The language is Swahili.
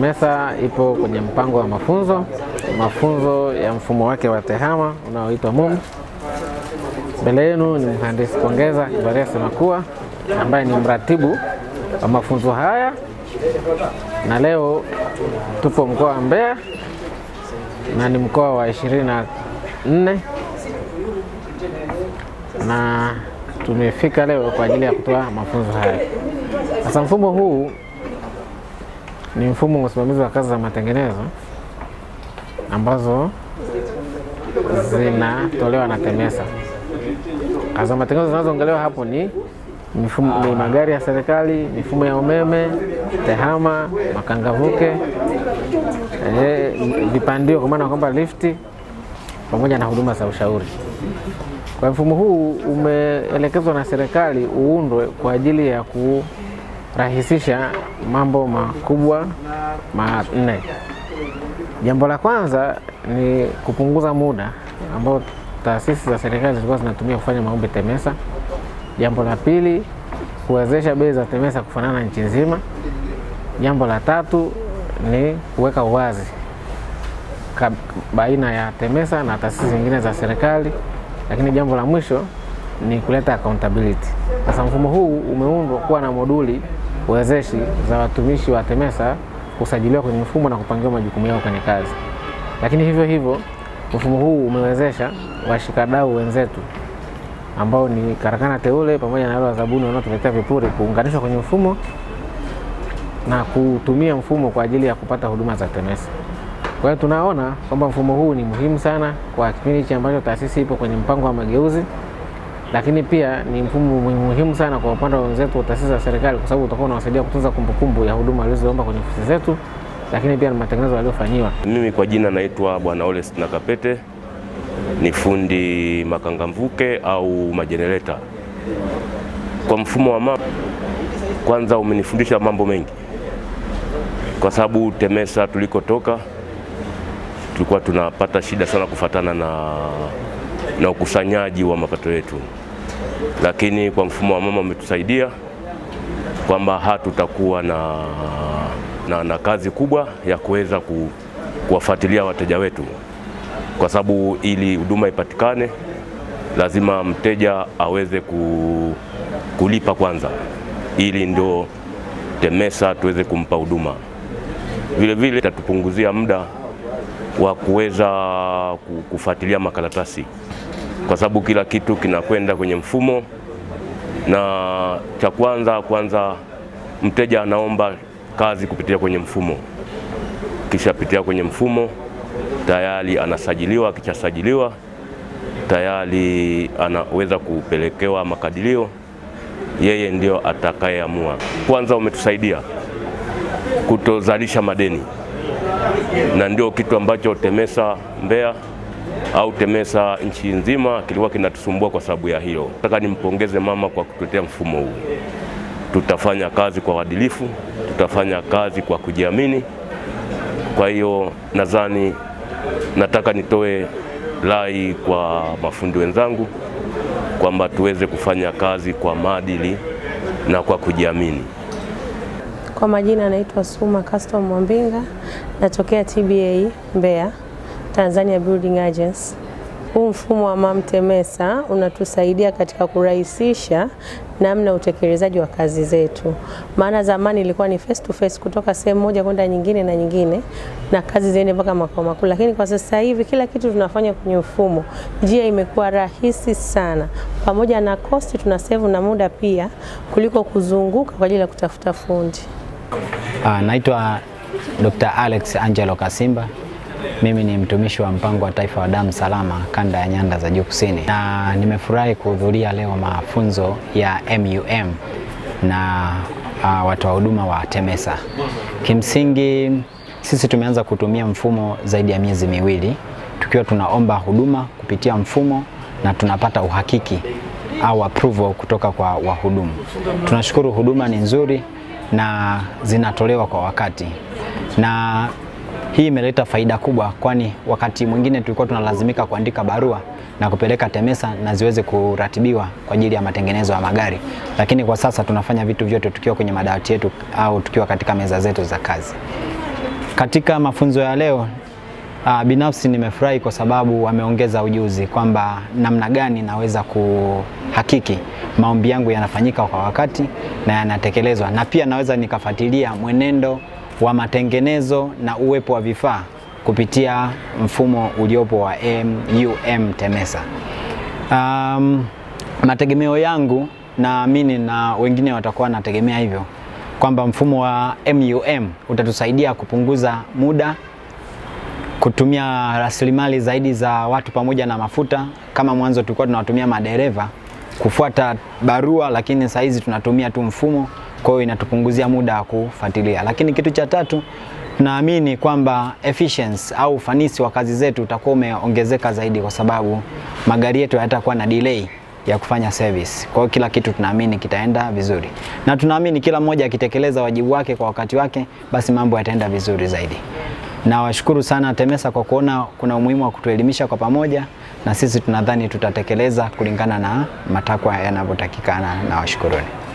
MESA ipo kwenye mpango wa mafunzo mafunzo ya mfumo wake wa TEHAMA unaoitwa MUM. Mbele yenu ni mhandisi Kongeza Ivarius Makua ambaye ni mratibu wa mafunzo haya, na leo tupo mkoa wa Mbeya na ni mkoa wa 24 na na tumefika leo kwa ajili ya kutoa mafunzo haya. Sasa mfumo huu ni mfumo wa usimamizi wa kazi za matengenezo ambazo zinatolewa na TEMESA. Kazi za matengenezo zinazoongelewa hapo ni mifumo, ni magari ya serikali, mifumo ya umeme, tehama, makangavuke, e, vipandio kwa maana kwamba lifti pamoja na huduma za ushauri. Kwa mfumo huu umeelekezwa na serikali uundwe kwa ajili ya ku rahisisha mambo makubwa manne. Jambo la kwanza ni kupunguza muda ambao taasisi za serikali zilikuwa zinatumia kufanya maombi TEMESA. Jambo la pili, kuwezesha bei za TEMESA kufanana nchi nzima. Jambo la tatu ni kuweka uwazi baina ya TEMESA na taasisi zingine za serikali, lakini jambo la mwisho ni kuleta accountability. Sasa mfumo huu umeundwa kuwa na moduli wezeshi za watumishi wa TEMESA kusajiliwa kwenye mfumo na kupangiwa majukumu yao kwenye kazi. Lakini hivyo hivyo mfumo huu umewezesha washikadau wenzetu ambao ni karakana teule pamoja na wale wazabuni wanaotuletea vipuri kuunganishwa kwenye mfumo na kutumia mfumo kwa ajili ya kupata huduma za TEMESA. Kwa hiyo tunaona kwamba mfumo huu ni muhimu sana kwa kipindi hichi ambacho taasisi ipo kwenye mpango wa mageuzi lakini pia ni mfumo muhimu sana kwa upande wa wenzetu wa taasisi za serikali, kwa sababu utakuwa unawasaidia kutunza kumbukumbu ya huduma walizoomba kwenye ofisi zetu, lakini pia na matengenezo waliofanyiwa. Mimi kwa jina naitwa Bwana Oles Nakapete, ni fundi makangamvuke au majenereta. Kwa mfumo wa MAP kwanza umenifundisha mambo mengi, kwa sababu TEMESA tulikotoka tulikuwa tunapata shida sana kufatana na, na ukusanyaji wa mapato yetu lakini kwa mfumo wa mama umetusaidia kwamba hatutakuwa na, na, na kazi kubwa ya kuweza ku, kuwafuatilia wateja wetu, kwa sababu ili huduma ipatikane lazima mteja aweze ku, kulipa kwanza, ili ndio TEMESA tuweze kumpa huduma. Vilevile itatupunguzia muda wa kuweza kufuatilia makaratasi kwa sababu kila kitu kinakwenda kwenye mfumo. Na cha kwanza kwanza, mteja anaomba kazi kupitia kwenye mfumo, kisha pitia kwenye mfumo tayari anasajiliwa. Akishasajiliwa tayari anaweza kupelekewa makadirio, yeye ndio atakayeamua. Kwanza umetusaidia kutozalisha madeni, na ndio kitu ambacho TEMESA Mbeya au TEMESA nchi nzima kilikuwa kinatusumbua kwa sababu ya hiyo Nataka nimpongeze mama kwa kutetea mfumo huu. Tutafanya kazi kwa uadilifu, tutafanya kazi kwa kujiamini. Kwa hiyo nadhani, nataka nitoe rai kwa mafundi wenzangu kwamba tuweze kufanya kazi kwa maadili na kwa kujiamini. Kwa majina, anaitwa Suma Custom Mwambinga, natokea TBA Mbeya. Tanzania Building Agents. Huu mfumo wa MAMTEMESA unatusaidia katika kurahisisha namna utekelezaji wa kazi zetu, maana zamani ilikuwa ni face to face, kutoka sehemu moja kwenda nyingine na nyingine, na kazi ziende mpaka makao makuu. Lakini kwa sasa hivi kila kitu tunafanya kwenye mfumo, njia imekuwa rahisi sana, pamoja na kosti save na muda pia, kuliko kuzunguka kwa ajili ya kutafuta fundi. Uh, naitwa Dr. Alex Angelo Kasimba mimi ni mtumishi wa mpango wa taifa wa damu salama kanda ya nyanda za juu kusini, na nimefurahi kuhudhuria leo mafunzo ya MUM na uh, ah, watoa huduma wa TEMESA. Kimsingi sisi tumeanza kutumia mfumo zaidi ya miezi miwili tukiwa tunaomba huduma kupitia mfumo na tunapata uhakiki au approval kutoka kwa wahudumu. Tunashukuru huduma ni nzuri na zinatolewa kwa wakati na hii imeleta faida kubwa, kwani wakati mwingine tulikuwa tunalazimika kuandika barua na kupeleka TEMESA na ziweze kuratibiwa kwa ajili ya matengenezo ya magari, lakini kwa sasa tunafanya vitu vyote tukiwa kwenye madawati yetu au tukiwa katika meza zetu za kazi. Katika mafunzo ya leo Uh, binafsi nimefurahi kwa sababu wameongeza ujuzi kwamba namna gani naweza kuhakiki maombi yangu yanafanyika kwa wakati na yanatekelezwa, na pia naweza nikafuatilia mwenendo wa matengenezo na uwepo wa vifaa kupitia mfumo uliopo wa MUM TEMESA. Um, mategemeo yangu naamini na wengine watakuwa wanategemea hivyo kwamba mfumo wa MUM utatusaidia kupunguza muda, kutumia rasilimali zaidi za watu pamoja na mafuta. Kama mwanzo tulikuwa tunawatumia madereva kufuata barua, lakini sasa hizi tunatumia tu mfumo kwa hiyo inatupunguzia muda wa kufuatilia. Lakini kitu cha tatu tunaamini kwamba efficiency au ufanisi wa kazi zetu utakuwa umeongezeka zaidi, kwa sababu magari yetu hayatakuwa na delay ya kufanya service. Kwa hiyo kila kitu tunaamini kitaenda vizuri, na tunaamini kila mmoja akitekeleza wajibu wake kwa wakati wake, basi mambo yataenda vizuri zaidi. Nawashukuru sana TEMESA kwa kuona kuna umuhimu wa kutuelimisha kwa pamoja, na sisi tunadhani tutatekeleza kulingana na matakwa yanavyotakikana. Nawashukuruni.